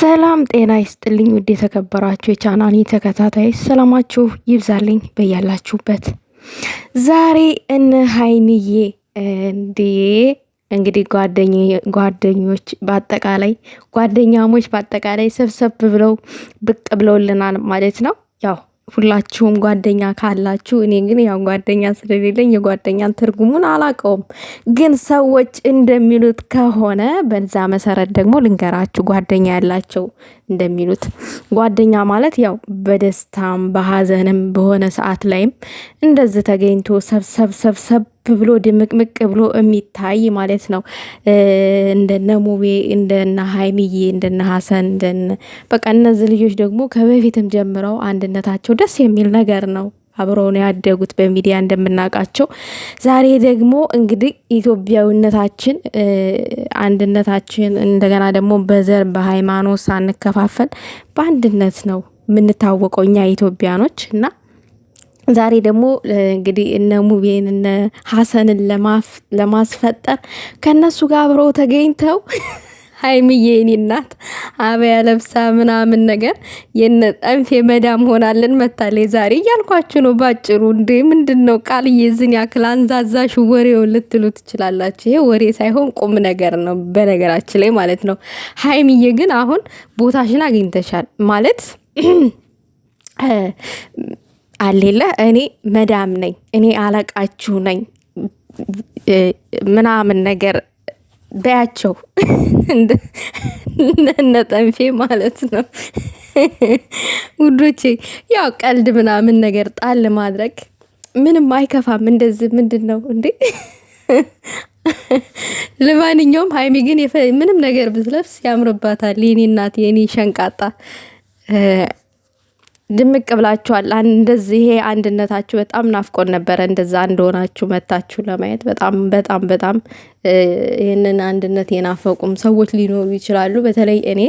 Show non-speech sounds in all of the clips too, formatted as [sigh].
ሰላም ጤና ይስጥልኝ። ውድ የተከበራችሁ የቻናኒ ተከታታይ ሰላማችሁ ይብዛልኝ በያላችሁበት። ዛሬ እነ ሀይሚዬ እንዴ እንግዲህ ጓደኞች በአጠቃላይ ጓደኛሞች በአጠቃላይ ሰብሰብ ብለው ብቅ ብለውልናል ማለት ነው ያው ሁላችሁም ጓደኛ ካላችሁ፣ እኔ ግን ያው ጓደኛ ስለሌለኝ የጓደኛን ትርጉሙን አላውቀውም። ግን ሰዎች እንደሚሉት ከሆነ በዛ መሰረት ደግሞ ልንገራችሁ ጓደኛ ያላቸው እንደሚሉት ጓደኛ ማለት ያው በደስታም በሀዘንም በሆነ ሰዓት ላይም እንደዚህ ተገኝቶ ሰብሰብ ሰብሰብ ብሎ ድምቅምቅ ብሎ የሚታይ ማለት ነው። እንደነ ሙቤ፣ እንደነ ሀይሚዬ፣ እንደነ ሀሰን እንደነ በቃ እነዚህ ልጆች ደግሞ ከበፊትም ጀምረው አንድነታቸው ደስ የሚል ነገር ነው። አብረው ነው ያደጉት በሚዲያ እንደምናውቃቸው። ዛሬ ደግሞ እንግዲህ ኢትዮጵያዊነታችን፣ አንድነታችን እንደገና ደግሞ በዘር በሃይማኖት ሳንከፋፈል በአንድነት ነው የምንታወቀው እኛ ኢትዮጵያኖች እና ዛሬ ደግሞ እንግዲህ እነ ሙቤን እነ ሀሰንን ለማስፈጠር ከእነሱ ጋር አብረው ተገኝተው [laughs] ሀይሚዬ የኔ እናት አበያ ለብሳ ምናምን ነገር የነ ጠንፌ መዳም ሆናለን መታለ ዛሬ እያልኳችሁ ነው ባጭሩ። እንዴ ምንድን ነው ቃል ዝን ያክል አንዛዛሽ ወሬው ልትሉ ትችላላችሁ። ይሄ ወሬ ሳይሆን ቁም ነገር ነው በነገራችን ላይ ማለት ነው። ሀይምዬ ግን አሁን ቦታሽን አግኝተሻል ማለት [clears throat] አሌለ እኔ መዳም ነኝ፣ እኔ አለቃችሁ ነኝ ምናምን ነገር በያቸው [laughs] እነ ጠንፌ ማለት ነው ውዶቼ። ያው ቀልድ ምናምን ነገር ጣል ማድረግ ምንም አይከፋም። እንደዚህ ምንድን ነው እንዴ? [laughs] ለማንኛውም ሀይሚ ግን ምንም ነገር ብትለብስ ያምርባታል። የኔ እናት፣ የኔ ሸንቃጣ ድምቅ ብላችኋል። እንደዚህ ይሄ አንድነታችሁ በጣም ናፍቆን ነበረ። እንደዛ እንደሆናችሁ መታችሁ ለማየት በጣም በጣም በጣም ይህንን አንድነት የናፈቁም ሰዎች ሊኖሩ ይችላሉ። በተለይ እኔ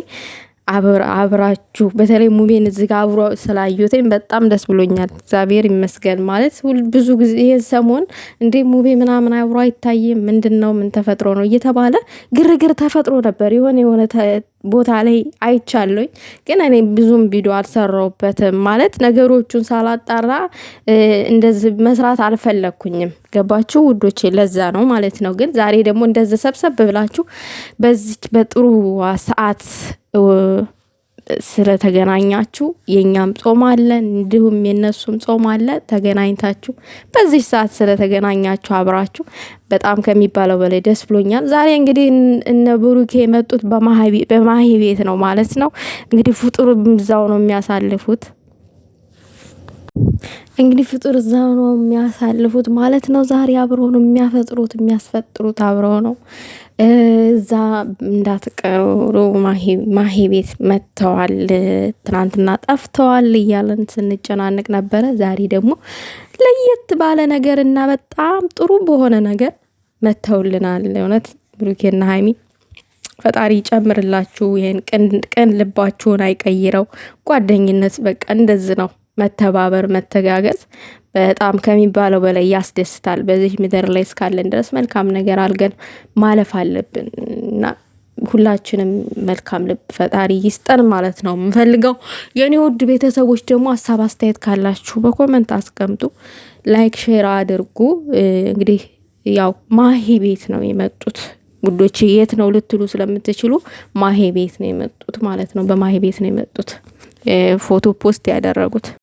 አብራችሁ በተለይ ሙቤን እዚጋ አብሮ ስላየሁትኝ በጣም ደስ ብሎኛል። እግዚአብሔር ይመስገን ማለት ብዙ ጊዜ ይህን ሰሞን እንዴ ሙቤ ምናምን አብሮ አይታይም ምንድን ነው ምን ተፈጥሮ ነው እየተባለ ግርግር ተፈጥሮ ነበር። የሆነ የሆነ ቦታ ላይ አይቻለኝ፣ ግን እኔ ብዙም ቪዲዮ አልሰራውበትም ማለት ነገሮቹን ሳላጣራ እንደዚህ መስራት አልፈለግኩኝም። ገባችሁ ውዶቼ? ለዛ ነው ማለት ነው። ግን ዛሬ ደግሞ እንደዚህ ሰብሰብ ብላችሁ በዚህ በጥሩ ሰዓት ስለተገናኛችሁ የእኛም ጾም አለ፣ እንዲሁም የነሱም ጾም አለ። ተገናኝታችሁ በዚህ ሰዓት ስለተገናኛችሁ አብራችሁ በጣም ከሚባለው በላይ ደስ ብሎኛል። ዛሬ እንግዲህ እነ ብሩኬ የመጡት በማሂ ቤት ነው ማለት ነው። እንግዲህ ፍጡር እዛው ነው የሚያሳልፉት። እንግዲህ ፍጡር እዛ ነው የሚያሳልፉት ማለት ነው። ዛሬ አብረው ነው የሚያፈጥሩት የሚያስፈጥሩት አብረው ነው። እዛ እንዳትቀሩ ማሂ ቤት መጥተዋል። ትናንትና ጠፍተዋል እያለን ስንጨናንቅ ነበረ። ዛሬ ደግሞ ለየት ባለ ነገር እና በጣም ጥሩ በሆነ ነገር መጥተውልናል። እውነት ብሩኬና ሀይሚ ፈጣሪ ይጨምርላችሁ። ይህን ቅን ልባችሁን አይቀይረው። ጓደኝነት በቃ እንደዚህ ነው። መተባበር፣ መተጋገዝ በጣም ከሚባለው በላይ ያስደስታል። በዚህ ምድር ላይ እስካለን ድረስ መልካም ነገር አልገን ማለፍ አለብን እና ሁላችንም መልካም ልብ ፈጣሪ ይስጠን ማለት ነው የምፈልገው። የኔ ውድ ቤተሰቦች ደግሞ ሀሳብ አስተያየት ካላችሁ በኮመንት አስቀምጡ፣ ላይክ ሼር አድርጉ። እንግዲህ ያው ማሂ ቤት ነው የመጡት ውዶች፣ የት ነው ልትሉ ስለምትችሉ ማሂ ቤት ነው የመጡት ማለት ነው። በማሂ ቤት ነው የመጡት ፎቶ ፖስት ያደረጉት።